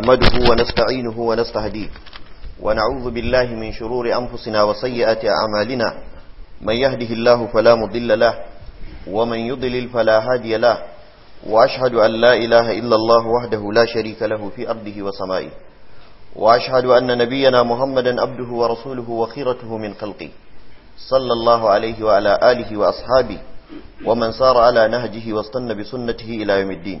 نحمده ونستعينه ونستهديه ونعوذ بالله من شرور أنفسنا وسيئات أعمالنا من يهده الله فلا مضل له ومن يضلل فلا هادي له وأشهد أن لا إله إلا الله وحده لا شريك له في أرضه وسمائه وأشهد أن نبينا محمدا عبده ورسوله وخيرته من خلقه صلى الله عليه وعلى آله وأصحابه ومن سار على نهجه واستنى بسنته إلى يوم الدين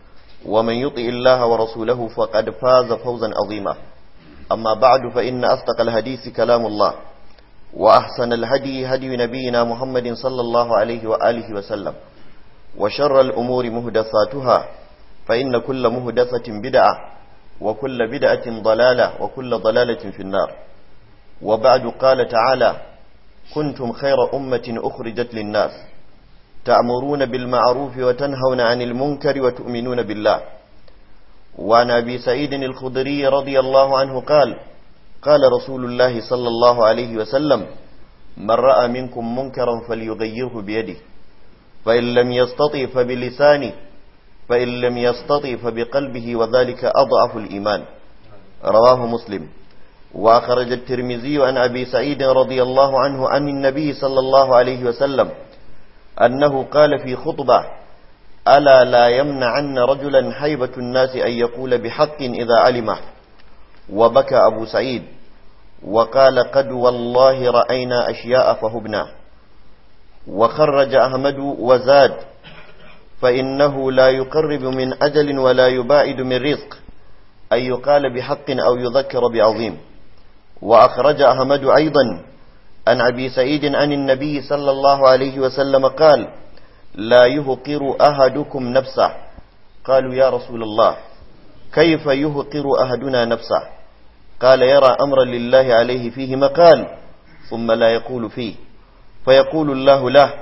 ومن يطئ الله ورسوله فقد فاز فوزا عظيما أما بعد فإن أصدق الحديث كلام الله وأحسن الهدي هدي نبينا محمد صلى الله عليه وآله وسلم وشر الأمور مهدثاتها فإن كل مهدثة بدعة وكل بدعة ضلالة وكل ضلالة في النار وبعد قال تعالى كنتم خير أمة أخرجت للناس تأمرون بالمعروف وتنهون عن المنكر وتؤمنون بالله وعن أبي سعيد الخضري رضي الله عنه قال قال رسول الله صلى الله عليه وسلم من رأى منكم منكرا فليغيره بيده فإن لم يستطع فبلسانه فإن لم يستطع فبقلبه وذلك أضعف الإيمان رواه مسلم وأخرج الترمذي عن أبي سعيد رضي الله عنه عن النبي صلى الله عليه وسلم أنه قال في خطبة ألا لا يمنعن رجلا حيبة الناس أن يقول بحق إذا علمه وبكى أبو سعيد وقال قد والله رأينا أشياء فهبنا وخرج أحمد وزاد فإنه لا يقرب من أجل ولا يباعد من رزق أن يقال بحق أو يذكر بعظيم وأخرج أحمد أيضا عن أبي سعيد عن النبي صلى الله عليه وسلم قال لا يهقر أحدكم نفسه قالوا يا رسول الله كيف يهقر أحدنا نفسه قال يرى أمرا لله عليه فيه مقال ثم لا يقول فيه فيقول الله له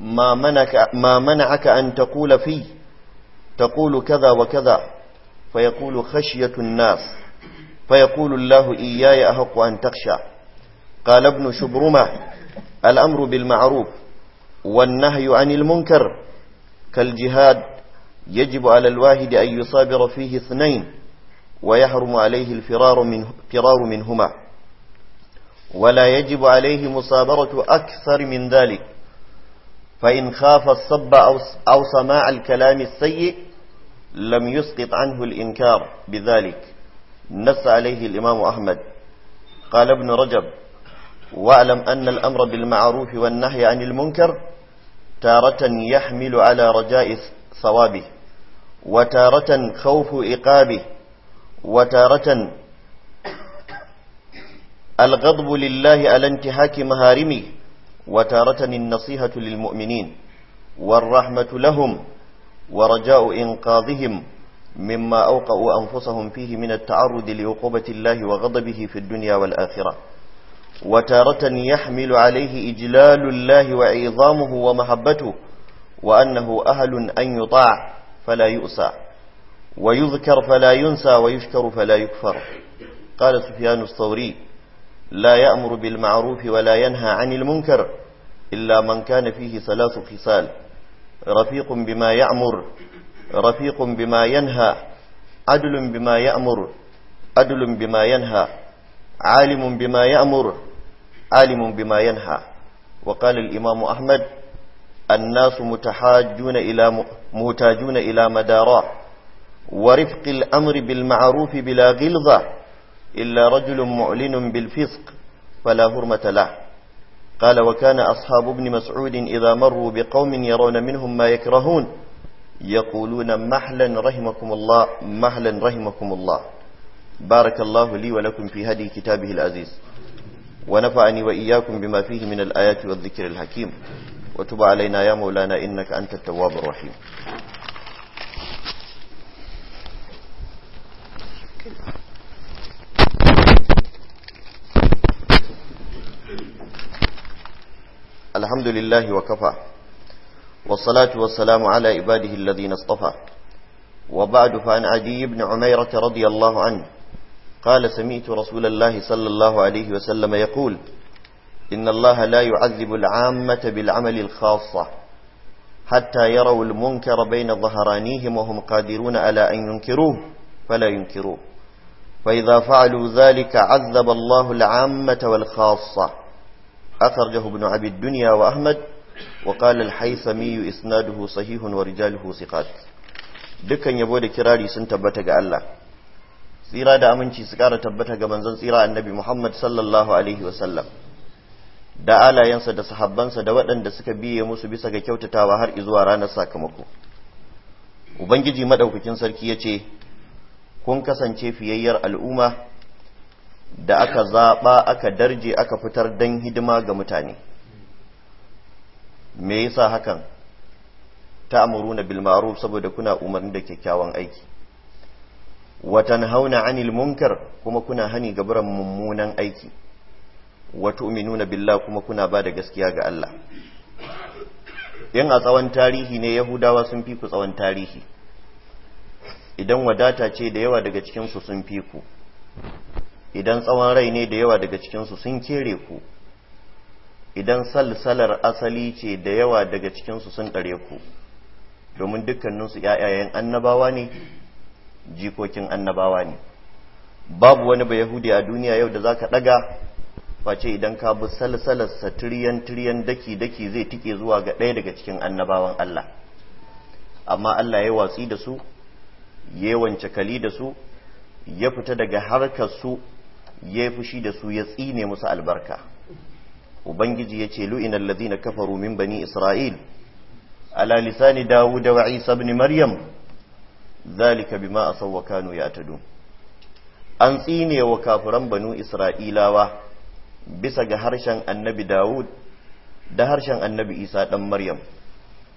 ما منعك, ما منعك أن تقول فيه تقول كذا وكذا فيقول خشية الناس فيقول الله إياي أحق أن تخشى قال ابن شبرمة الأمر بالمعروف والنهي عن المنكر كالجهاد يجب على الواحد أن يصابر فيه اثنين ويحرم عليه الفرار من فرار منهما ولا يجب عليه مصابرة أكثر من ذلك فإن خاف الصب أو سماع الكلام السيء لم يسقط عنه الإنكار بذلك نس عليه الإمام أحمد قال ابن رجب واعلم أن الأمر بالمعروف والنهي عن المنكر تارة يحمل على رجاء ثوابه وتارة خوف إقابه وتارة الغضب لله على انتهاك مهارمه وتارة النصيحة للمؤمنين والرحمة لهم ورجاء إنقاذهم مما أوقعوا أنفسهم فيه من التعرض لعقوبة الله وغضبه في الدنيا والآخرة وتارة يحمل عليه إجلال الله وعظامه ومحبته وأنه أهل أن يطاع فلا يؤسى ويذكر فلا ينسى ويشكر فلا يكفر قال سفيان الثوري لا يأمر بالمعروف ولا ينهى عن المنكر إلا من كان فيه ثلاث خصال رفيق بما يأمر رفيق بما ينهى عدل بما يأمر عدل بما ينهى عالم بما يأمر عالم بما ينهى وقال الإمام أحمد الناس متحاجون إلى محتاجون إلى مدارا ورفق الأمر بالمعروف بلا غلظة إلا رجل معلن بالفسق فلا هرمة له قال وكان أصحاب ابن مسعود إذا مروا بقوم يرون منهم ما يكرهون يقولون محلا رحمكم الله محلا رحمكم الله بارك الله لي ولكم في هدي كتابه العزيز ونفعني وإياكم بما فيه من الآيات والذكر الحكيم وتب علينا يا مولانا إنك أنت التواب الرحيم الحمد لله وكفى والصلاة والسلام على عباده الذين اصطفى وبعد فعن عدي بن عميرة رضي الله عنه قال سميت رسول الله صلى الله عليه وسلم يقول إن الله لا يعذب العامة بالعمل الخاصة حتى يروا المنكر بين ظهرانيهم وهم قادرون على أن ينكروه فلا ينكروه فإذا فعلوا ذلك عذب الله العامة والخاصة أخرجه ابن عبد الدنيا وأحمد وقال الحيثمي إسناده صحيح ورجاله ثقات دكا يبود كراري سنتبتك الله tsira da aminci su ƙara tabbata ga manzon tsira annabi Muhammad sallallahu alaihi wasallam da alayensa da sahabbansa da waɗanda suka biye musu bisa ga kyautatawa har izuwa ranar sakamako ubangiji madaukakin sarki ya ce kun kasance fiyayyar al'umma da aka zaɓa aka darje aka fitar don hidima ga mutane me yasa hakan ta amuru na bilmaru saboda kuna umarni da kyakkyawan aiki watan hauna 'anil munkar kuma kuna hani ga mummunan aiki wa nuna billa kuma kuna ba da gaskiya ga Allah Yin a tsawon tarihi ne yahudawa sun fi ku tsawon tarihi idan wadata ce da yawa daga cikinsu sun fi ku idan tsawon rai ne da yawa daga cikinsu sun kere ku idan salsalar asali ce da yawa daga cikinsu sun ɗare ku domin dukkaninsu ‘ya'yayen annabawa ne jikokin annabawa ne babu wani ba yahudi a duniya yau da zaka daga face idan ka bi sa tiriyan tiriyan daki daki zai tike zuwa ga ɗaya daga cikin annabawan Allah amma Allah ya watsi da su ya wance kali da su ya fita daga harkar su ya fushi da su ya tsine musu albarka ubangiji ya ce lu'inal ladina kafaru min bani isra'il ala lisani dawud wa isa ibn maryam zalika bima asaw wa ya tadu. an tsine wa kafiran banu isra'ilawa bisa ga harshen annabi Dawud da harshen annabi Isa dan Maryam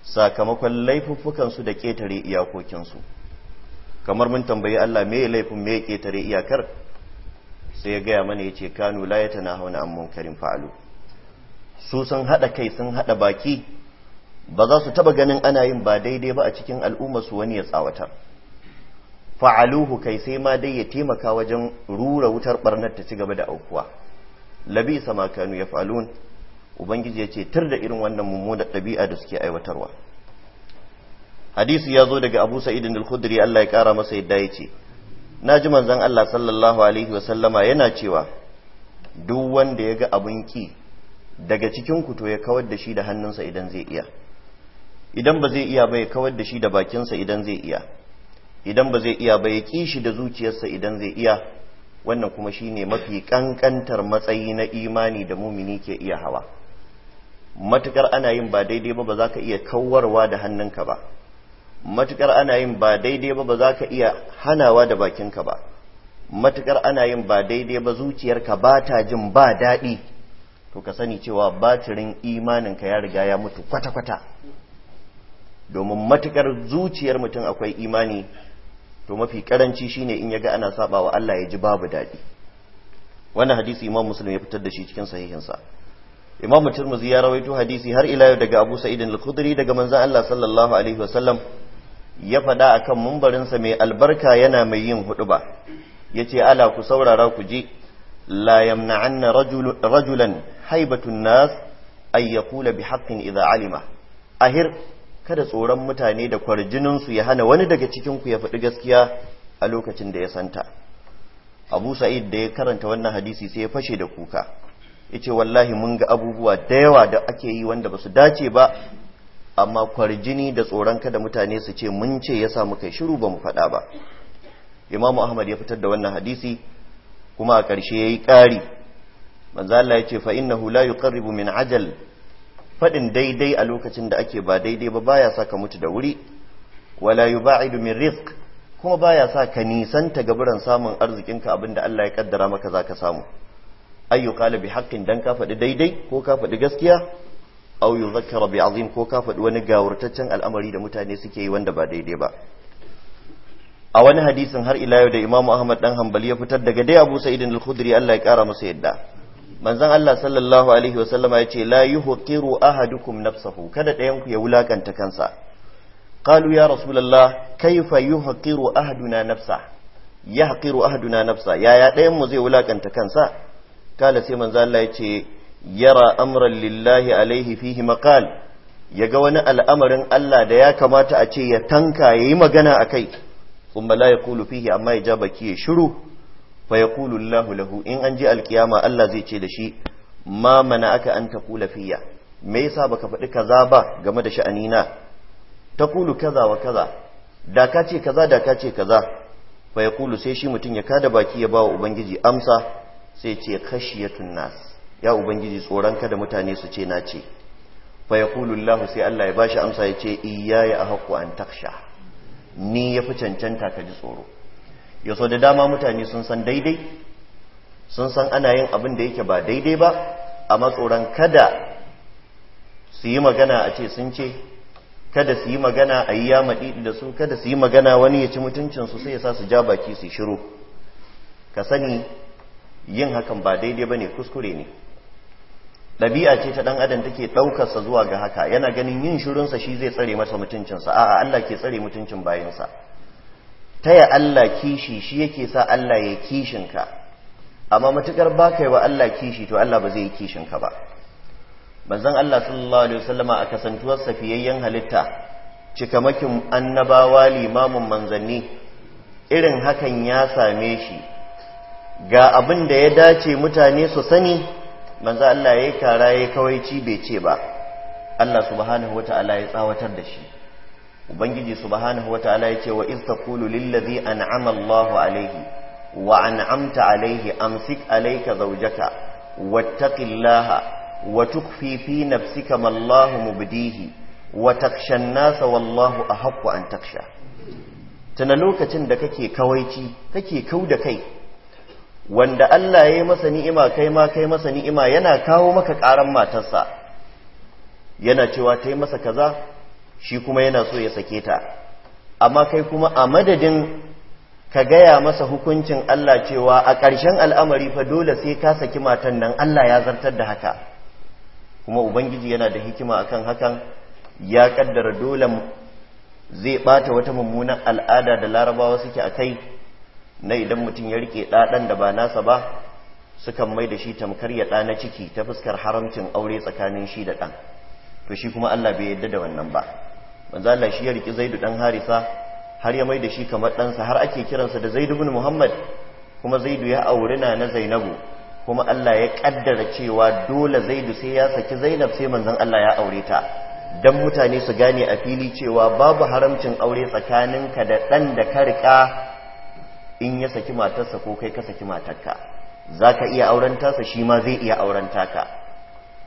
sakamakon laifuffukan su da ketare iyakokin su kamar mun tambayi Allah me laifin me ketare iyakar sai ya gaya mana yace kanu la hauna an munkarin fa'alu su sun hada kai sun hada baki ba za su taba ganin ana yin ba daidai ba a cikin al'ummar su wani ya tsawatar fa'aluhu kai sai ma dai ya taimaka wajen rura wutar ɓarnar ta ci gaba da aukuwa labi sama kanu ya falun ubangiji ya ce tar da irin wannan mummunar ɗabi'a da suke aiwatarwa hadisi ya zo daga abu sa'idin al-khudri Allah ya ƙara masa yadda ya ce na ji manzan Allah sallallahu alaihi wa yana cewa duk wanda ya ga abun ki daga cikin to ya kawar da shi da hannunsa idan zai iya idan ba zai iya ba ya kawar da shi da bakinsa idan zai iya idan ba zai iya ba ya ƙi shi da zuciyarsa idan zai iya wannan kuma shi ne mafi kankantar matsayi na imani da mumini ke iya hawa matukar ana yin ba daidai ba za ka iya kawarwa da hannunka ba matukar ana yin ba daidai ba za ka iya hanawa da bakinka ba matukar ana yin ba daidai ba zuciyarka ba ta jin ba daɗi to ka sani cewa batirin imaninka ya riga ya mutu kwata-kwata domin matukar zuciyar mutum akwai imani to mafi karanci shine in yaga ana saba wa Allah ya ji babu daɗi wannan hadisi imam muslim ya fitar da shi cikin sahihinsa imam tirmidhi ya rawaito hadisi har ila daga abu sa'id al-khudri daga manzon Allah sallallahu alaihi wasallam ya faɗa akan sa mai albarka yana mai yin huɗuba yace ala ku saurara ku ji la yamna'anna rajulan haibatun nas ay yaqula haƙƙin idha alima ahir kada tsoron mutane da kwarjininsu ya hana wani daga cikinku ya faɗi gaskiya a lokacin da ya santa abu sa'id da ya karanta wannan hadisi sai ya fashe da kuka yace wallahi mun ga abubuwa da yawa da ake yi wanda basu dace ba amma kwarjini da tsoron kada mutane su ce mun ce yasa muka yi shiru bamu faɗa ba imamu ahmad ya fitar da wannan hadisi kuma a ƙarshe yayi ƙari manzo Allah ce fa innahu la yuqarribu min ajal faɗin daidai a lokacin da ake ba daidai ba baya sa ka mutu da wuri wala yuba'idu min rizq kuma baya sa ka nisan ta gaburan samun arzikinka abinda Allah ya kaddara maka za ka samu ayyu qala bi haqqin dan ka faɗi daidai ko ka faɗi gaskiya aw yuzakkara bi azim ko ka faɗi wani gawurtaccen al'amari da mutane suke yi wanda ba daidai ba a wani hadisin har ila yau da Imam Ahmad dan Hanbali ya fitar daga dai Abu Sa'id al-Khudri Allah ya kara masa yadda manzon Allah sallallahu alaihi wasallama yace la yuhqiru ahadukum nafsahu kada ɗayan ku ya wulaƙanta kansa Kalu ya rasulullah kaifa yuhqiru ahaduna nafsa yahqiru ahaduna nafsa yaya ɗayan mu zai wulakanta kansa kala sai manzan Allah yace yara amran lillahi alaihi fihi Ya ga wani al'amarin Allah da ya kamata a ce ya tanka yayi magana akai kuma ya Kulu fihi amma ya ja baki ya shiru fa yaqulu lahu in an je alkiyama Allah zai ce da shi ma mana aka an taqula fiyya me yasa baka faɗi kaza ba game da sha'anina taqulu kaza wa kaza da ka ce kaza da ka ce kaza fa sai shi mutun ya kada baki ya bawa ubangiji amsa sai ce khashiyatun nas ya ubangiji tsoron kada mutane su ce na ce fa yaqulu sai Allah ya bashi amsa ya ce iyaya ahqqu an taksha ni ya fi cancanta ka ji tsoro ya da dama mutane sun san daidai sun san ana yin abin da yake ba daidai ba amma tsoron kada su yi magana a ce sun ce kada su yi magana a yi yamaɗi da su kada su yi magana wani ya ci mutuncinsu sai ya sa su ja baki su shiru ka sani yin hakan ba daidai ba ne kuskure ne ɗabi'a ce ta ɗan adam take ɗaukarsa zuwa ga haka yana ganin yin shirinsa shi zai tsare masa mutuncinsa a'a Allah ke tsare mutuncin bayansa Ta ya Allah kishi shi yake sa Allah ya kishin ka amma matukar ba kai wa Allah kishi to Allah ba zai yi kishin ka ba manzon Allah sallallahu alaihi wasallama a kasantuwar safiyayyen halitta cikamakin annabawa limamin manzanni irin hakan ya same shi ga abin da ya dace mutane su sani manzo Allah yayi kara kawai ci bai ce ba Allah subhanahu wataala ya tsawatar da shi ubangiji subhanahu wataala yace wa iz taqulu lillazi an'ama Allahu alayhi wa an'amta alayhi amsik alayka zawjaka wattaqillaha wa tukfi fi nafsika ma Allahu mubdihi wa taksha an-nasa wallahu ahaqqu an taksha tana lokacin da kake kawaici kake kauda kai wanda Allah ya yi masa ni'ima kai ma kai masa ni'ima yana kawo maka karan matarsa yana cewa ta yi masa kaza shi kuma yana so ya sake ta amma kai kuma a madadin ka gaya masa hukuncin Allah cewa a ƙarshen al'amari fa dole sai ka saki matan nan Allah ya zartar da haka kuma ubangiji yana da hikima akan hakan ya kaddara dole zai bata wata mummunan al'ada da larabawa suke a kai na idan mutum ya rike ɗaɗan da ba nasa ba sukan mai da shi tamkar ya ɗa na ciki ta fuskar haramcin aure tsakanin shi da ɗan to shi kuma Allah bai yarda da wannan ba manzo Allah shi ya riki Zaid dan Harisa har ya mai da shi kamar ɗansa har ake kiransa da Zaid ibn Muhammad kuma Zaid ya aure na na Zainabu kuma Allah ya kaddara cewa dole Zaid sai ya saki Zainab sai manzon Allah ya aure ta dan mutane su gane a fili cewa babu haramcin aure tsakaninka da ɗan da ka rika in ya saki matarsa ko kai ka saki matarka zaka iya auren tasa shi ma zai iya auren taka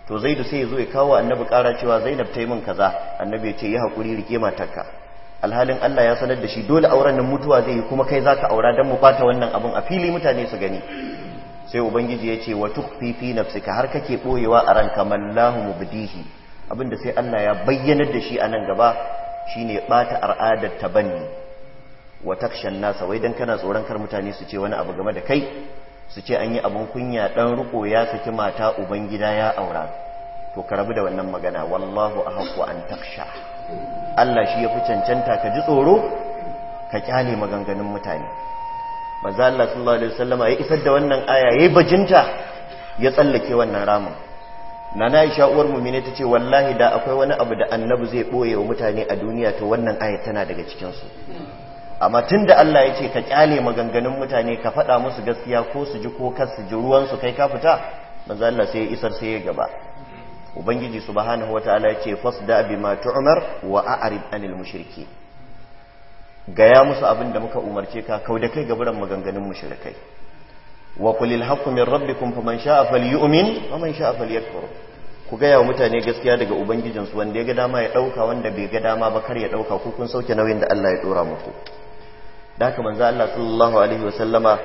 to zai da sai ya zo ya kawo annabi kara cewa zainab ta yi min kaza annabi ya ce yi haƙuri rike matarka alhalin Allah ya sanar da shi dole auren nan mutuwa zai yi kuma kai za ka aura don mu bata wannan abin a fili mutane su gani sai ubangiji ya ce wa tukfi fi nafsika har kake boyewa a ranka mallahu mubdihi abinda sai Allah ya bayyanar da shi a nan gaba shine bata al'adar tabanni wa takshan nasa wai dan kana tsoron kar mutane su ce wani abu game da kai su ce an yi abin kunya ɗan riko ya saki mata ubangida ya aura to ka rabu da wannan magana wallahu ahqqu an taksha Allah shi ya fi cancanta ka ji tsoro ka kyale maganganun mutane manzo Allah sallallahu alaihi wasallama ya isar da wannan aya yayi bajinta ya tsallake wannan ramin nana Aisha uwar mu'mini ce wallahi da akwai wani abu da annabi zai ɓoye wa mutane a duniya to wannan aya tana daga cikin su amma tun da Allah ya ce ka kyale maganganun mutane ka faɗa musu gaskiya ko su ji ko kar su ji ruwansu kai ka fita manzo Allah sai ya isar sai ya gaba ubangiji subhanahu wataala ya ce fasda bima tu'mar wa a'rid anil mushriki gaya musu abin da muka umarce ka kau da kai gaburan maganganun mushrikai wa qulil haqqu min rabbikum faman sha'a falyu'min wa man sha'a falyakfur ku gaya wa mutane gaskiya daga ubangijinsu wanda ya ga dama ya ɗauka wanda bai ga dama ba kar ya ɗauka ku kun sauke nauyin da Allah ya ɗora muku da haka manzo Allah sallallahu alaihi wasallama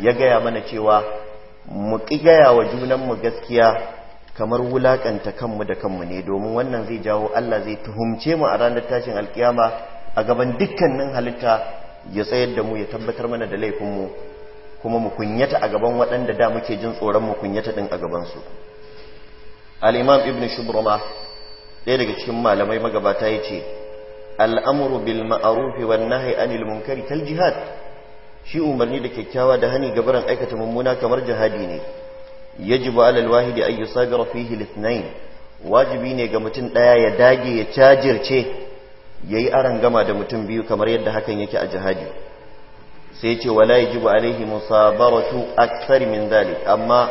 ya gaya mana cewa mu ƙi gaya wa junanmu gaskiya kamar wulakanta kanmu da kanmu ne domin wannan zai jawo Allah zai tuhumce mu a ranar tashin alkiyama a gaban dukkanin halitta ya tsayar da mu ya tabbatar mana da laifinmu kuma mu kunyata a gaban waɗanda da muke jin tsoron mu kunyata ɗin a gabansu al-imam ibnu shubrama ɗaya daga cikin malamai magabata ya ce al'amuru bil ma'arufi wan nahi anil munkari kal jihad shi umarni da kyakkyawa da hani gabaran aikata mummuna kamar jihadi ne yajibu alal wahidi ay yusabira fihi lithnain wajibi ne ga mutum daya ya dage ya cajirce yayi aran gama da mutum biyu kamar yadda hakan yake a jihadi sai ce wala yajibu alaihi musabaratu akthar min dhalik amma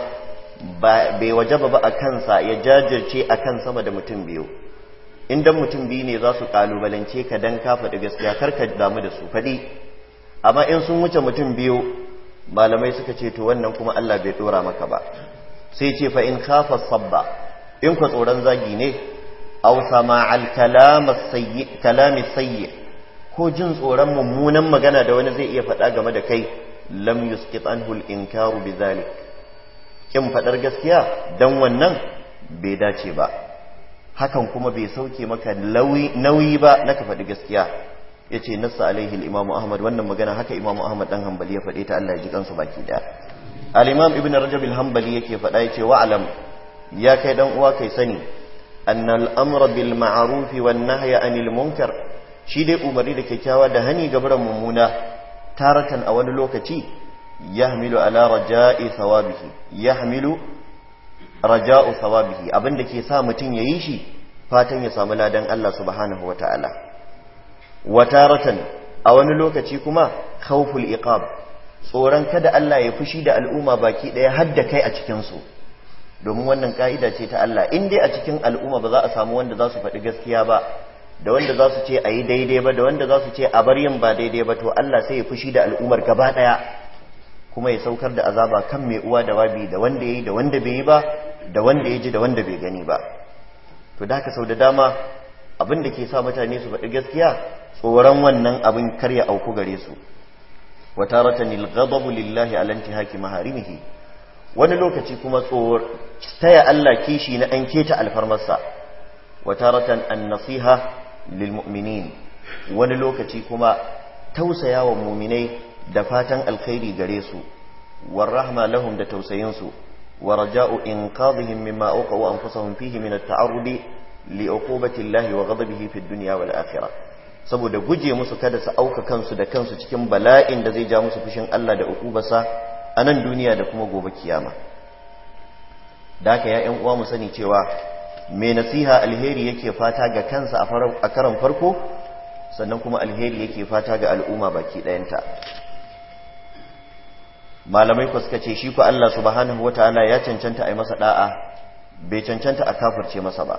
bai wajaba ba a kansa ya jajirce akan sama da mutum biyu in dan mutum biyu ne za su kalubalance ka dan ka faɗi gaskiya kar ka damu da su faɗi amma in sun wuce mutum biyu malamai suka ce to wannan kuma Allah bai dora maka ba sai ce fa in khafa sabba in ku tsoron zagi ne aw sama al kalam sayyi kalam sayyi ko jin tsoron mummunan magana da wani zai iya faɗa game da kai lam yusqit anhu al inkaru bidhalik kin faɗar gaskiya dan wannan bai dace ba hakan kuma bai sauke maka nauyi ba na ka faɗi gaskiya ya ce alaihi imamu ahmad wannan magana haka imamu ahmad dan hanbali ya faɗe ta allah ya ji kansu baki da al ibn rajab al-hanbali yake faɗa ya ce wa'alam ya kai dan uwa kai sani an al-amra bil ma'ruf wan nahya anil munkar shi dai umarni da kyakkyawa da hani ga barin mummuna taratan a wani lokaci yahmilu ala raja'i thawabihi yahmilu raja'u sawabihi da ke sa mutum ya yi shi fatan ya samu ladan Allah subhanahu wata'ala wataratan a wani lokaci kuma khawful iqab tsoron kada Allah ya fushi da al'umma baki daya da kai a cikin su domin wannan ka'ida ce ta Allah in dai a cikin al'umma ba za a samu wanda za su faɗi gaskiya ba da wanda za su ce a yi daidai ba da wanda za su ce a bar yin ba daidai ba to Allah sai ya fushi da al'ummar gaba daya kuma ya saukar da azaba kan mai uwa da wabi da wanda yayi da wanda bai yi ba da wanda ya ji da wanda bai gani ba to da haka sau da dama abin da ke sa mutane su faɗi gaskiya tsoron wannan abin kar ya auku gare su Wata rata al lillahi ala intihaki maharimihi wani lokaci kuma tsor taya Allah kishi na an keta alfarmarsa Wata rata an-nasiha lil mu'minin wani lokaci kuma tausayawa mu'minai da fatan alkhairi gare su war lahum da tausayin su ورجاء إنقاذهم مما أوقعوا أنفسهم فيه من التعرض لعقوبة الله وغضبه في الدنيا والآخرة saboda guje musu kada su auka kansu da kansu cikin bala'in da zai ja musu fushin Allah da ukubarsa a nan duniya da kuma gobe kiyama da haka ya 'yan uwa mu sani cewa me nasiha alheri yake fata ga kansa a karan farko sannan kuma alheri yake fata ga al'umma baki ɗayanta malamai ku suka ce shi ku Allah subhanahu wataala ya cancanta a yi masa da'a bai cancanta a kafirce masa ba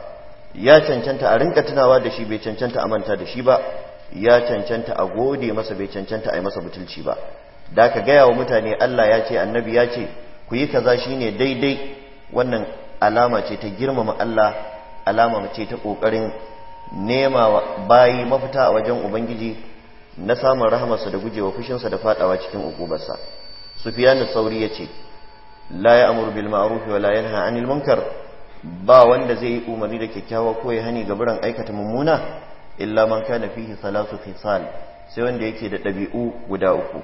ya cancanta a rinka tunawa da shi bai cancanta a manta da shi ba ya cancanta a gode masa bai cancanta a yi masa butulci ba da ka gaya wa mutane Allah ya ce annabi ya ce ku yi kaza shine daidai wannan alama ce ta girmama Allah alama ce ta kokarin nema bayi mafita a wajen ubangiji na samun rahamarsa da gujewa fushinsa da fadawa cikin ukubarsa sufyan sauri ya la ya'muru bil ma'arufi wa la yanha 'anil munkar ba wanda zai yi umarni da kyakkyawa ko ya hani gaburan aikata mummuna illa man kana fihi salatu fisal sai wanda yake da ɗabi'u guda uku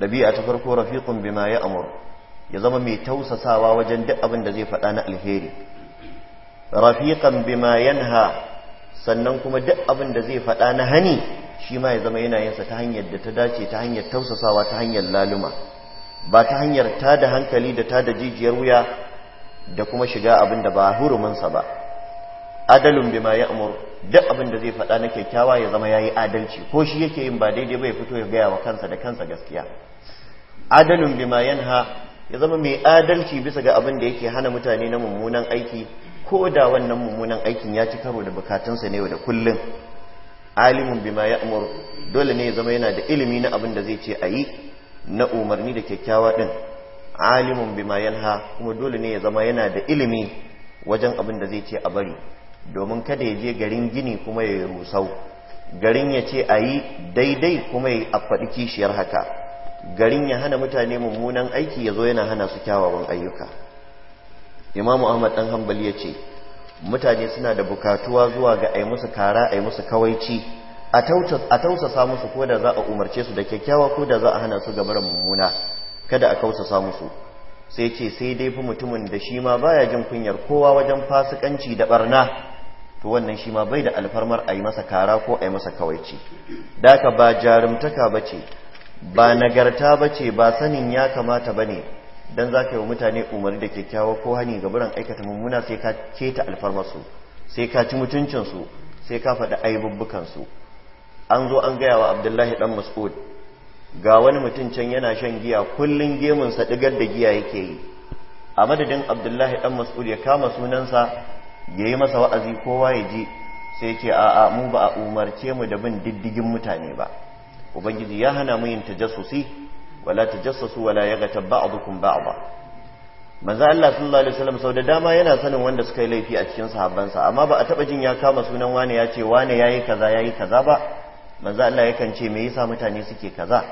ɗabi'a ta farko rafiqun bima ya zama mai tausasawa wajen duk abin da zai faɗa na alheri rafiqan bima yanha sannan kuma duk abin da zai faɗa na hani shi ma ya zama yana yinsa ta hanyar da ta dace ta hanyar tausasawa ta hanyar laluma ba ta hanyar ta da hankali da ta da jijiyar wuya da kuma shiga abin da ba huruminsa ba adalun bima ya umar duk abin da zai faɗa na kyakkyawa ya zama ya yi adalci ko shi yake yin ba daidai bai fito ya gaya wa kansa da kansa gaskiya adalun bima ha, ya zama mai adalci bisa ga abin da yake hana mutane na mummunan aiki ko da wannan mummunan aikin ya ci karo da bukatunsa ne da kullum alimun bima ya umar dole ne ya zama yana da ilimi na abin da zai ce a yi na umarni da kyakkyawa din alimun bima yanha kuma dole ne ya zama yana da ilimi wajen abin da zai ce a bari domin kada ya je garin gini kuma ya rusau garin ya ce a yi daidai kuma ya yi a faɗi kishiyar haka garin ya hana mutane mummunan aiki ya zo yana hana su kyawawan ayyuka imamu ahmad ɗan hambali ya ce mutane suna da bukatuwa zuwa ga ai musu kara ai musu kawaici a tausasa musu ko da za a umarce su da kyakkyawa ko da za a hana su ga mummuna kada a kausasa musu sai ce sai dai fi mutumin da shi ma baya jin kunyar kowa wajen fasikanci da barna to wannan shi ma bai da alfarmar a yi masa kara ko a yi masa kawaici daka ba jarumtaka ba ce ba nagarta ba ce ba sanin ya kamata ba ne don za ka yi wa mutane umarni da kyakkyawa ko hani ga buran aikata mummuna sai ka keta alfarmarsu sai ka ci mutuncinsu sai ka faɗi aibubbukansu an zo an gaya wa abdullahi ɗan mas'ud ga wani mutum can yana shan giya kullun gemunsa digar da giya yake yi a madadin abdullahi dan mas'ud ya kama sunansa ya yi masa wa'azi kowa ya ji sai ce a'a mu ba a umarce mu da bin diddigin mutane ba ubangiji ya hana mu yin tajassusi wala tajassasu wala bukun ba'dukum ba. manzo Allah sallallahu alaihi wasallam sau da dama yana sanin wanda suka yi laifi a cikin sahabbansa amma ba a taba jin ya kama sunan wane ya ce wane yayi kaza yayi kaza ba manzo Allah yakan ce me yasa mutane suke kaza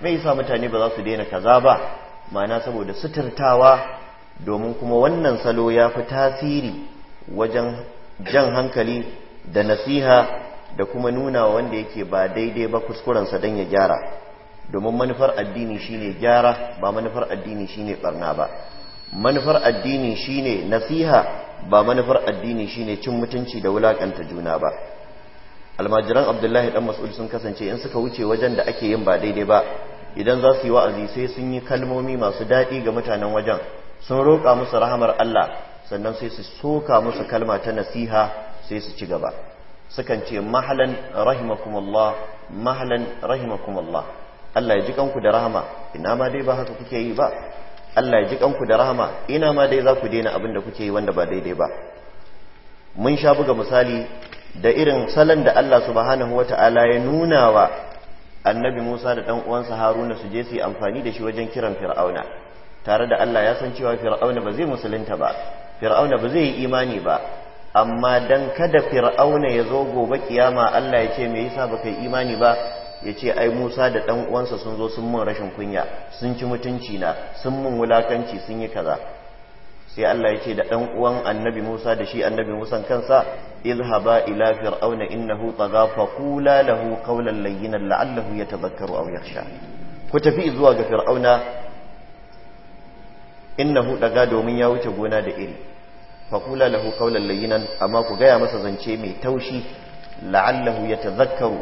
me yasa mutane ba za su daina kaza ba ma'ana saboda suturtawa domin kuma wannan salo ya fi tasiri wajen jan hankali da nasiha da kuma nuna wanda yake ba daidai ba kuskurensa don ya gyara domin manufar addini shine gyara ba manufar addini shine barna ba manufar addini shine nasiha ba manufar addini shine cin mutunci da wulakanta juna ba almajiran abdullahi dan mas'ud sun kasance in suka wuce wajen da ake yin ba daidai ba idan za su yi wa'azi sai sun yi kalmomi masu daɗi ga mutanen wajen sun roƙa musu rahamar Allah sannan sai su soka musu kalma ta nasiha sai su ci gaba sukan ce mahalan rahimakumullah mahalan rahimakumullah Allah ya ji kanku da rahama ina ma dai ba haka kuke yi ba Allah ya ji kanku da rahama ina ma dai za ku daina abin da kuke yi wanda ba daidai ba mun sha buga misali da irin salon da Allah subhanahu wata'ala ya nuna wa annabi Musa da ɗan uwansa Haruna su je su yi amfani da shi wajen kiran Fir'auna tare da Allah ya san cewa Fir'auna ba zai musulunta ba Fir'auna ba zai yi imani ba amma dan kada Fir'auna ya zo gobe kiyama Allah ya ce me yasa baka yi imani ba ya ce ai Musa da ɗan uwansa sun zo sun mun rashin kunya sun ci mutunci na sun mun wulakanci sun yi kaza sai Allah ya ce da ɗan uwan annabi Musa da shi annabi Musa kansa izhaba ila fir'auna innahu tagha faqula lahu qawlan layyinan la'allahu yatadhakkaru aw yakhsha ku tafi zuwa ga fir'auna innahu daga domin ya wuce gona da iri faqula lahu qawlan layyinan amma ku gaya masa zance mai taushi la'allahu yatadhakkaru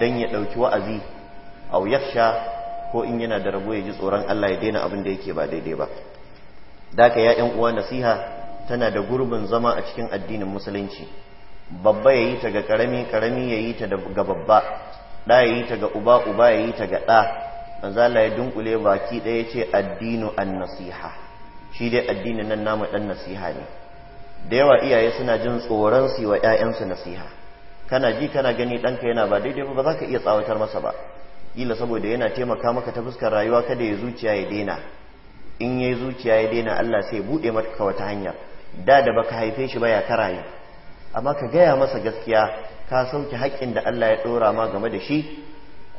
dan ya dauki wa'azi aw yakhsha ko in yana da rabo ya ji tsoron Allah ya daina abin da yake ba daidai ba daka ya yan uwa nasiha tana da gurbin zama a cikin addinin musulunci babba ya yi ta ga karami karami yi ta ga babba Ɗa ya yi ta ga uba uba ya yi ta ga ɗa. manzo Allah ya dunkule baki ɗaya ce addinu an-nasiha shi dai addinin nan namu ɗan nasiha ne da yawa iyaye suna jin tsoron su wa ƴaƴansu nasiha kana ji kana gani ɗanka yana ba daidai ba ba za ka iya tsawatar masa ba kila saboda yana taimaka maka ta fuskar rayuwa kada ya zuciya ya daina in yi zuciya ya daina Allah sai buɗe maka wata hanya da da baka haife shi ba ya karaye amma ka gaya masa gaskiya ka sauke haƙƙin da Allah ya ɗora ma game da shi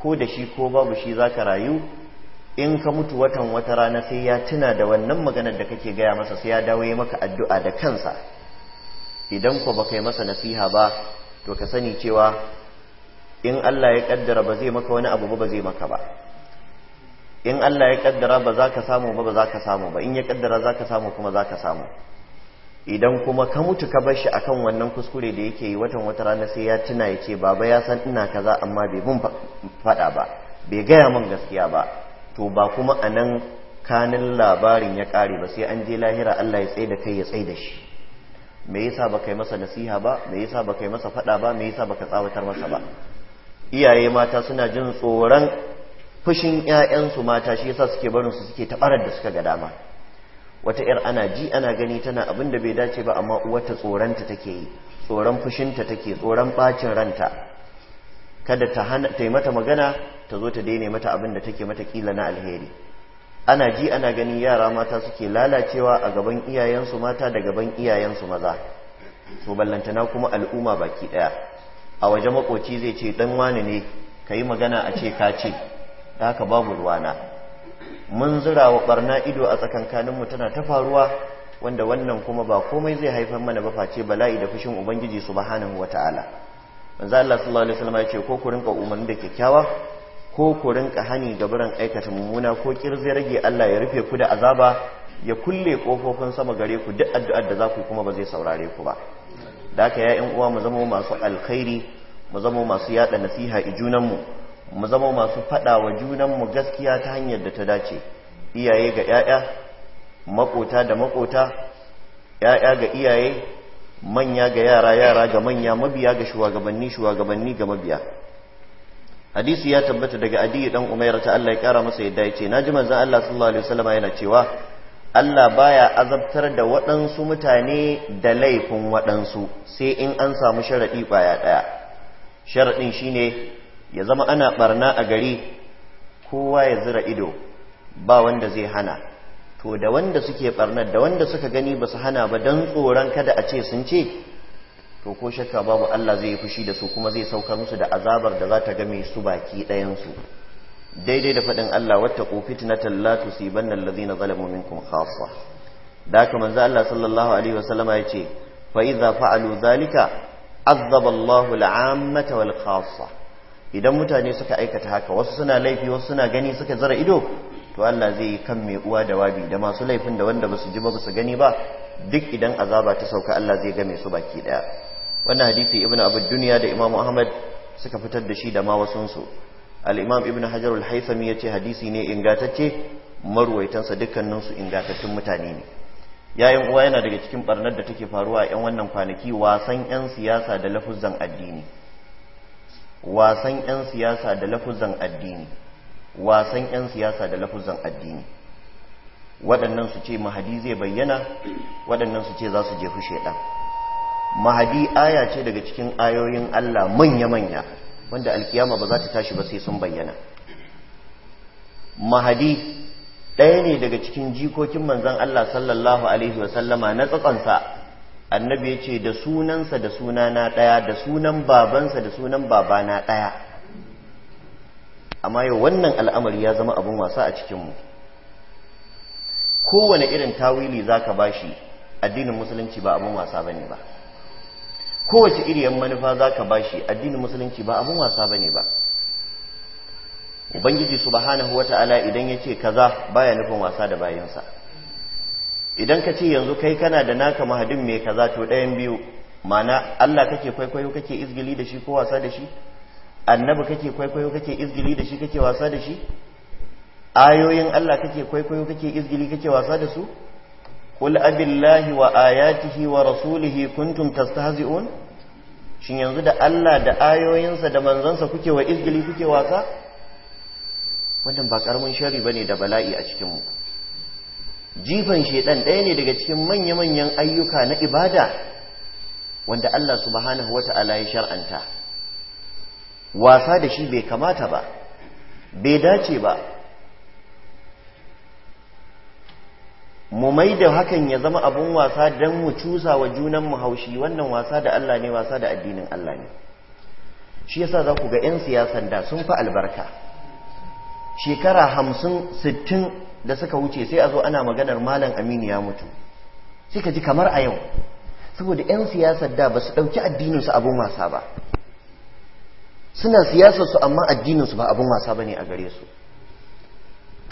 ko da shi ko babu shi za ka rayu in ka mutu watan wata rana sai ya tuna da wannan maganar da kake gaya masa sai ya dawo maka addu'a da kansa idan ko baka yi masa nasiha ba to ka sani cewa in Allah ya kaddara ba zai maka wani abu ba zai maka ba in Allah ya kaddara ba za ka samu ba ba za ka samu ba in ya kaddara za ka samu kuma za ka samu idan kuma ka mutu ka bar shi kan wannan kuskure da yake yi watan wata rana sai ya tuna ya ce baba ya san ina kaza amma bai mun faɗa ba bai gaya mun gaskiya ba to ba kuma a nan kanin labarin ya ƙare ba sai an je lahira Allah ya tsaye da kai ya tsaye da shi me yasa baka yi masa nasiha ba me yasa baka yi masa faɗa ba me yasa baka tsawatar masa ba iyaye mata suna jin tsoron fushin 'ya'yansu mata shi yasa suke barin su suke tabarar da suka ga dama wata 'yar ana ji ana gani tana abin da bai dace ba amma uwarta tsoronta take yi tsoron fushinta take tsoron bacin ranta kada ta hana ta yi mata magana ta zo ta daina mata abin da take mata kila na alheri ana ji ana gani yara mata suke lalacewa a gaban iyayensu mata da gaban iyayensu maza to ballantana kuma al'umma baki ɗaya. a waje makoci zai ce dan wani ne Ka yi magana a ce ka ce da haka babu ruwana mun zura wa barna ido a mu tana ta faruwa wanda wannan kuma ba komai zai haifar mana ba face bala'i da fushin ubangiji subhanahu wata'ala manzo Allah sallallahu alaihi wasallam ya ce ko ku rinka umarni da kyakkyawa ko ku rinka hani ga buran aikata mummuna ko kirzai rage Allah ya rufe ku da azaba ya kulle kofofin sama gare ku duk addu'ar da za ku kuma ba zai saurare ku ba da haka ya'in uwa mu zama masu alkhairi mu zama masu yada nasiha i mu mu zama masu faɗa wa junanmu gaskiya ta hanyar da ta dace iyaye ga 'ya'ya makota da makota 'ya'ya ga iyaye manya ga yara yara ga manya mabiya ga shugabanni shugabanni ga mabiya hadisi ya tabbata daga adiyi dan umaira ta Allah ya kara masa yadda ya ce naji manzon Allah sallallahu alaihi wasallam yana cewa Allah baya azabtar da waɗansu mutane da laifin waɗansu sai in an samu sharaɗi baya ɗaya sharaɗin shine ya zama ana barna a gari kowa ya zira ido ba wanda zai hana to da wanda suke barnar da wanda suka gani ba su hana ba don tsoron kada a ce sun ce to ko shakka babu Allah zai yi fushi da su kuma zai sauka musu da azabar da za ta game su baki ɗayansu daidai da faɗin Allah wata ƙofi tunatan la tusiban nan zalamu minkum khassa da haka manzo Allah sallallahu alaihi wasallama ya ce fa idza fa'alu zalika azzaballahu Allahu al'ammata wal khassa idan mutane suka aikata haka wasu suna laifi wasu suna gani suka zara ido to Allah zai yi kan mai uwa da wabi da masu laifin da wanda basu ji ba su gani ba duk idan azaba ta sauka Allah zai ga game su baki daya wannan hadisi ibnu abu dunya da imam ahmad suka fitar da shi da ma wasun su al-imam ibnu hajar al-haythami yace hadisi ne ingatacce sa dukkanin su ingatattun mutane ne yayin uwa yana daga cikin barnar da take faruwa a 'yan wannan kwanaki wasan 'yan siyasa da lafuzan addini wasan 'yan siyasa da lafuzan addini wasan 'yan siyasa da lafuzan addini waɗannan su ce mahadi zai bayyana waɗannan su ce za su jefi shaidan mahadi aya ce daga cikin ayoyin Allah manya-manya wanda alkiyama ba za ta tashi ba sai sun bayyana mahadi ɗaya ne daga cikin jikokin manzan Allah sallallahu alaihi wasallama na tsatsansa annabi ya ce da sunansa da suna na ɗaya da sunan babansa da sunan baba na ɗaya amma yau wannan al'amari ya zama abin wasa a cikinmu kowane irin tawili za ka ba shi addinin musulunci ba abin wasa ba ba kowace iriyar manufa za ka ba shi addinin musulunci ba abin wasa ba ne ba ubangiji subhanahu wata'ala idan ya ce kaza baya nufin wasa da bayansa idan ka ce yanzu kai kana da naka mahadin mai kaza to ɗayan biyu mana Allah kake kwaikwayo kake izgili da shi ko wasa da shi annabi kake kwaikwayo kake izgili da shi kake wasa da shi ayoyin Allah kake kwaikwayo kake izgili kake wasa da su qul abillahi wa ayatihi wa rasulihi kuntum tastahzi'un shin yanzu da Allah da ayoyinsa da manzansa kuke wa izgili kuke wasa wannan ba karamin sharri bane da bala'i a cikin mu jifan shedan ɗaya ne daga cikin manya-manyan ayyuka na ibada wanda Allah subhanahu ta'ala ya shar'anta wasa da shi bai kamata ba bai dace ba mu mai da hakan ya zama abun wasa don mu cusa wa junanmu haushi wannan wasa da Allah ne wasa da addinin Allah ne shi yasa za ku ga 'yan siyasan da sun fi albarka shekara hamsin sittin da suka wuce sai a zo ana maganar malam aminu ya mutu sai ka ji kamar a yau saboda 'yan siyasar da ba su ɗauki addininsu abin wasa ba suna siyasar su amma addininsu ba abin wasa ba ne a gare su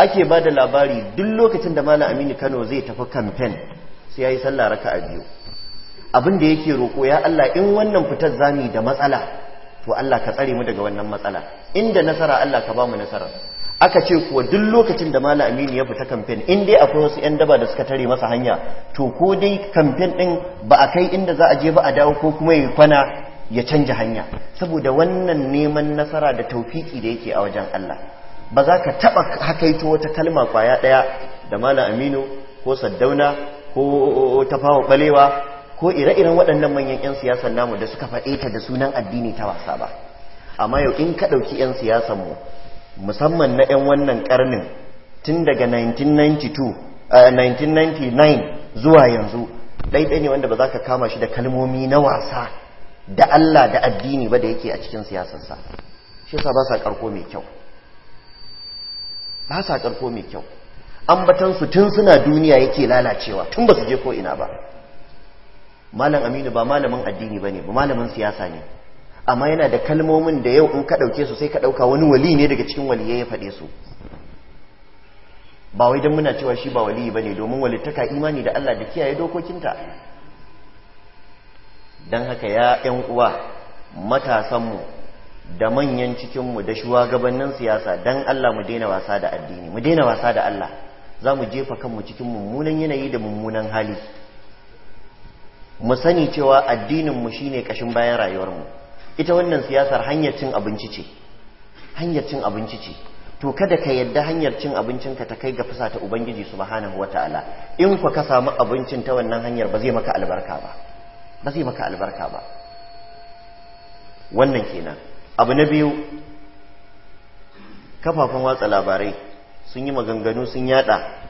ake ba da labari duk lokacin da malam aminu kano zai tafi kamfen sai ya yi sallah raka a biyu abin da yake roƙo ya allah in wannan fitar zami da matsala to allah ka tsare mu daga wannan matsala inda nasara allah ka ba mu nasarar aka ce kuwa duk lokacin da mala aminu ya fita kamfen in dai akwai wasu 'yan daba da suka tare masa hanya to ko dai kamfen din ba a kai inda za a je ba a dawo ko kuma ya kwana ya canja hanya saboda wannan neman nasara da taufiki da yake a wajen Allah ba za ka taɓa hakaito wata kalma kwaya ɗaya da mala aminu ko saddauna ko tafawa balewa ko ire-iren waɗannan manyan 'yan siyasar namu da suka faɗe ta da sunan addini ta wasa ba amma yau in ka ɗauki 'yan siyasar mu musamman na 'yan wannan karnin tun daga 1992 1999 zuwa yanzu ɗaiɗai ne wanda ba za ka kama shi da kalmomi na wasa da Allah da addini ba da yake a cikin siyasarsa shi sa ba sa karko mai kyau ba sa karko mai kyau ambatansu tun suna duniya yake lalacewa tun ba su je ko ina ba malam aminu ba malamin addini ba ne ba malamin siyasa ne amma yana da kalmomin da yau in ka ɗauke su sai ka ɗauka wani wali ne daga cikin wali ya faɗe su ba wai don muna cewa shi ba wali ba ne domin walittaka imani da Allah da kiyaye dokokinta don haka ya ‘yan uwa matasanmu da manyan cikinmu da shugabannin siyasa don Allah mu daina wasa da addini mu daina wasa da Allah za mu jefa kanmu cikin mummunan yanayi da mummunan hali mu sani cewa addininmu shine kashin bayan rayuwar mu. ita wannan siyasar hanyar cin abinci ce hanyar cin abinci ce to kada ka yadda hanyar cin abincin ka ta kai ga fusata ta ubangiji subhanahu wataala in ku ka samu abincin ta wannan hanyar ba zai maka albarka ba ba zai maka albarka ba wannan kenan abu na biyu kafafen watsa labarai sun yi maganganu sun yada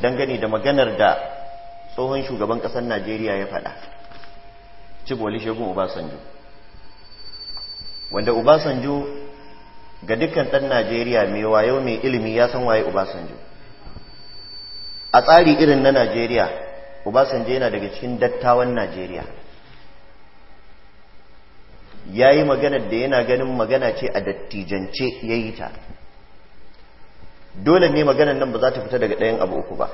dangane da maganar da tsohon shugaban ƙasar najeriya ya faɗa Ci ciboli shegun obasanjo wanda Ubasanjo ga dukkan ɗan Najeriya mai wayo mai ilimi ya san waye Ubasanjo. a tsari irin na Najeriya Ubasanjo yana daga cikin dattawan Najeriya ya yi magana da yana ganin magana ce a dattijance ya yi ta dole ne maganan nan ba za ta fita daga ɗayan abu uku ba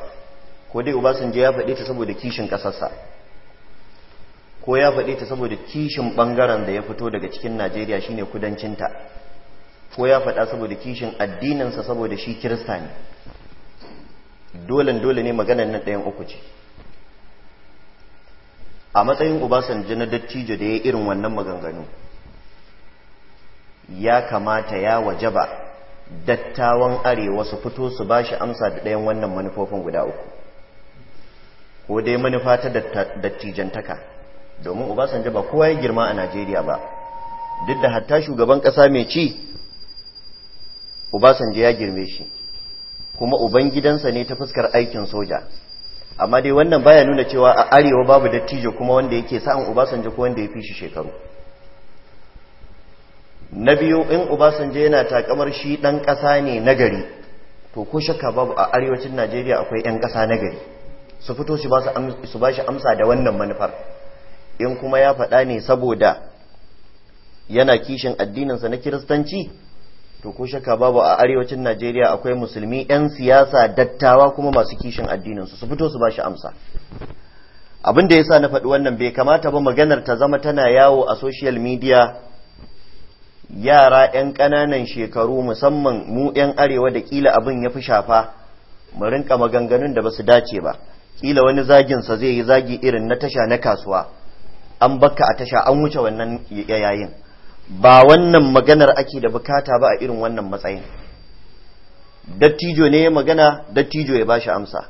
ko dai Ubasanjo ya faɗi ta saboda kishin ƙasarsa ko ya faɗi ta saboda kishin ɓangaren da ya fito daga cikin najeriya shine kudancinta ko ya faɗa saboda kishin addininsa saboda shi kirista ne dolen dole ne maganar nan ɗayan uku ce a matsayin obasanjo na dattijo da ya irin wannan maganganu ya kamata ya waje ba dattawan arewa su fito su ba shi amsa da ɗayan wannan manufofin guda uku ko dai manufa ta dattijantaka domin ubasanje ba kowa ya girma a najeriya ba duk da hatta shugaban kasa mai ci obasanjo ya girme shi kuma ubangidansa ne ta fuskar aikin soja amma dai wannan baya nuna cewa a arewa babu dattijo kuma wanda yake sa'an obasanjo ko wanda ya fi shi shekaru na biyu in obasanjo yana takamar shi ɗan kasa ne nagari to ko shakka babu a arewacin najeriya akwai 'yan ƙasa nagari su fito su ba shi amsa da wannan manufar in kuma ya faɗa ne saboda yana kishin addininsa na kiristanci to ko shakka babu a arewacin najeriya akwai musulmi 'yan siyasa dattawa kuma masu kishin addininsu su fito su ba shi amsa abin da ya sa na faɗi wannan bai kamata ba maganar ta zama tana yawo a social media yara 'yan ƙananan shekaru musamman mu 'yan arewa da kila abin ya fi shafa mu rinka maganganun da ba su dace ba ƙila wani zaginsa zai yi zagi irin na tasha na kasuwa an baka a tasha an wuce wannan yayin ba wannan maganar ake da bukata ba a irin wannan matsayin dattijo ne ya magana dattijo ya bashi amsa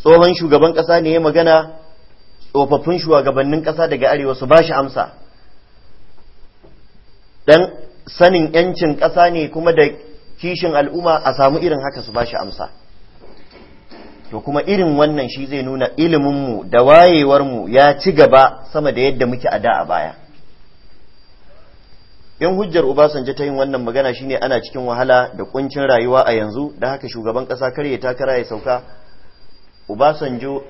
tsohon shugaban kasa ne ya magana tsofaffin shugabannin kasa daga arewa su bashi amsa dan sanin yancin kasa ne kuma da kishin al'umma a samu irin haka su bashi amsa to kuma irin wannan shi zai nuna iliminmu da wayewarmu ya ci gaba sama da yadda muke a da a baya Yan hujjar Obasanjo ta yin wannan magana shine ana cikin wahala da kuncin rayuwa a yanzu da haka shugaban kasa karye takara ya sauka Obasanjo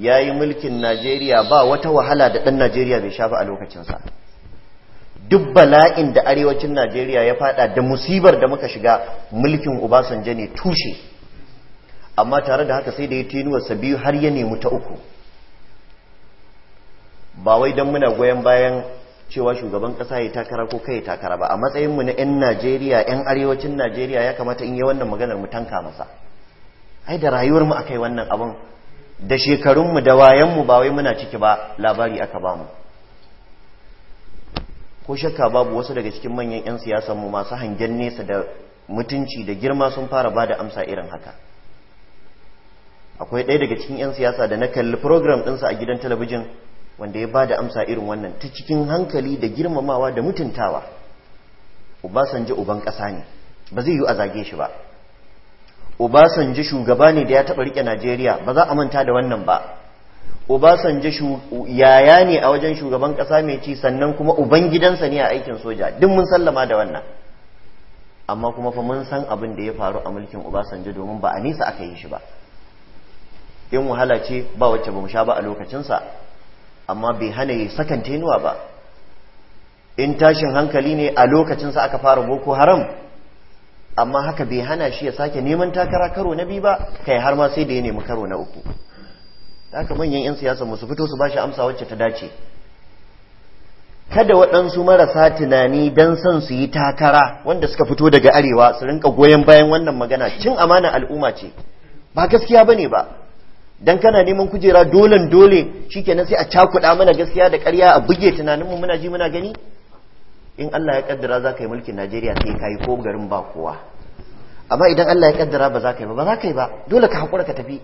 ya yi mulkin Najeriya ba wata wahala da ɗan Najeriya bai shafa a lokacinsa duk bala'in da arewacin Najeriya ya fada da musibar da muka shiga mulkin Obasanjo ne tushe amma tare da haka sai da ya tinuwa biyu har ya nemi ta uku ba wai don muna goyon bayan cewa shugaban kasa ya takara ko kai takara ba a matsayinmu na 'yan najeriya 'yan arewacin najeriya ya kamata in yi wannan maganar mu tanka masa ai da rayuwarmu a kai wannan abin da shekarunmu da wayanmu ba wai muna ciki ba labari aka bamu ko shakka babu wasu daga cikin manyan 'yan siyasanmu masu hangen nesa da mutunci da girma sun fara ba da amsa irin haka akwai ɗaya daga cikin 'yan siyasa da na kalli program ɗinsa a gidan talabijin wanda ya ba da amsa irin wannan ta cikin hankali da girmamawa da mutuntawa obasanjo uban ƙasa ne ba zai yi a zage shi ba obasanjo shugaba ne da ya taɓa riƙe najeriya ba za a manta da wannan ba obasanjo yaya ne a wajen shugaban ƙasa mai ci sannan kuma uban gidansa ne a aikin soja duk mun sallama da wannan amma kuma fa mun san abin da ya faru a mulkin obasanjo domin ba a nisa aka yi shi ba in wahala ce ba wacce ba mu sha ba a lokacinsa amma bai hana yi sakan ba in tashin hankali ne a lokacinsa aka fara boko haram amma haka bai hana shi ya sake neman takara karo na biyu ba kai har ma sai da ya nemi karo na uku haka manyan 'yan siyasa musu fito su ba shi amsa wacce ta dace kada waɗansu marasa tunani don son su yi takara wanda suka fito daga arewa su rinka goyon bayan wannan magana cin amana al'umma ce ba gaskiya ba ne ba dan kana neman kujera dole dole shikenan sai a cakuda mana gaskiya da ƙarya a buge tunaninmu muna ji muna gani in Allah ya kaddara za ka yi mulkin Najeriya sai ka yi ko garin ba kowa amma idan Allah ya kaddara ba za ka yi ba ba za ka yi ba dole ka haƙura ka tafi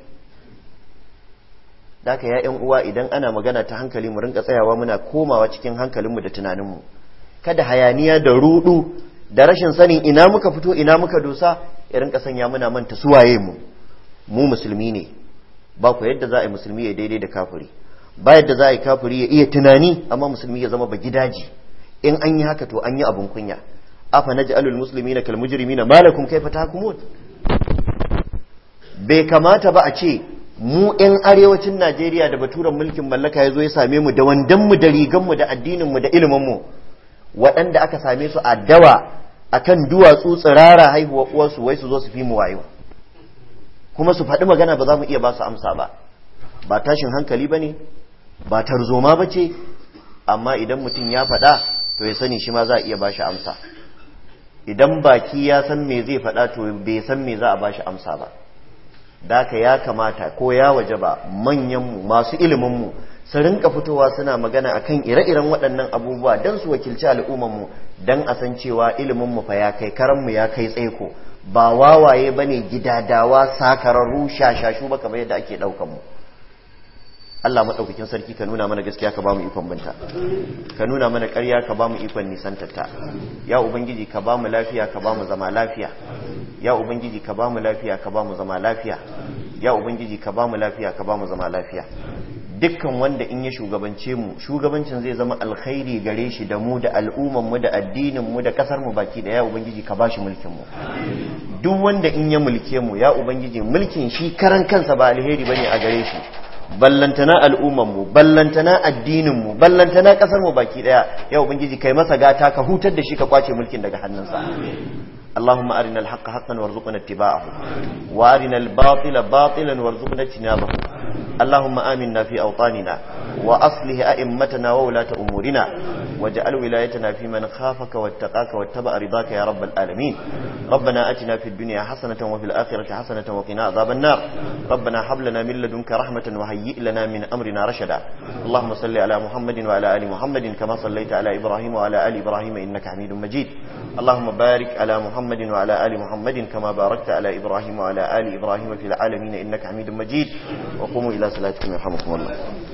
da ka ya uwa idan ana magana ta hankali mu rinka tsayawa muna komawa cikin hankalinmu da tunaninmu kada hayaniya da rudu da rashin sanin ina muka fito ina muka dosa ya rinka sanya muna manta su waye mu mu musulmi ne ba ku yadda za a yi musulmi ya daidai da kafiri ba yadda za a yi kafiri ya iya tunani amma musulmi ya zama ba gidaji in an yi haka to an yi abin kunya afa naj'alul na kal mujrimina malakum kayfa tahkumun bai kamata ba a ce mu 'yan arewacin Najeriya da baturan mulkin mallaka ya zo ya same mu da mu da mu da addinin mu da ilimin mu waɗanda aka same su a dawa a kan duwatsu tsirara haihuwa uwarsu wai su zo su fi mu wayo kuma su faɗi magana ba za mu iya ba su amsa ba ba tashin hankali ba ne ba tarzoma ba ce amma idan mutum ya faɗa to ya sani shi ma za a iya ba shi amsa idan baki ya san me zai faɗa to bai san me za a ba shi amsa ba Da ka ya kamata ko ya waje ba manyanmu masu iliminmu su rinka fitowa suna magana a kan ire-iren waɗannan abubuwa don su wakilci al'ummanmu don a san cewa iliminmu fa ya kai karanmu ya kai tsaiko ba wawaye ba bane gidadawa sakararru shashashu ba kamar yadda ake daukan mu Allah maɗaukakin sarki ka nuna mana gaskiya ka ba mu ikon binta ka nuna mana ƙarya ka ba mu ikon nisantarta ya ubangiji ka ba mu lafiya ka ba mu zama lafiya ya ubangiji ka ba mu lafiya ka ba mu zama lafiya ya ubangiji ka ba mu lafiya ka ba mu zama lafiya dukkan wanda in ya shugabance mu shugabancin zai zama alkhairi gare shi da mu da al'umman mu da addinin mu da kasar mu baki da ya ubangiji ka bashi mulkin mu duk wanda in ya mulke mu ya ubangiji mulkin shi karan kansa ba alheri bane a gare shi ballantana al'umman mu ballantana addinin mu ballantana kasar mu baki daya ya ubangiji kai masa gata ka hutar da shi ka kwace mulkin daga hannunsa اللهم أرنا الحق حقا وارزقنا اتباعه وأرنا الباطل باطلا وارزقنا اجتنابه اللهم آمنا في أوطاننا وأصله أئمتنا وولاة أمورنا واجعل ولايتنا في من خافك واتقاك واتبع رضاك يا رب العالمين ربنا أتنا في الدنيا حسنة وفي الآخرة حسنة وقنا عذاب النار ربنا حبلنا من لدنك رحمة وهيئ لنا من أمرنا رشدا اللهم صل على محمد وعلى آل محمد كما صليت على إبراهيم وعلى آل إبراهيم إنك حميد مجيد اللهم بارك على محمد محمد وعلى آل محمد كما باركت على إبراهيم وعلى آل إبراهيم في العالمين إنك حميد مجيد وقوموا إلى صلاتكم يرحمكم الله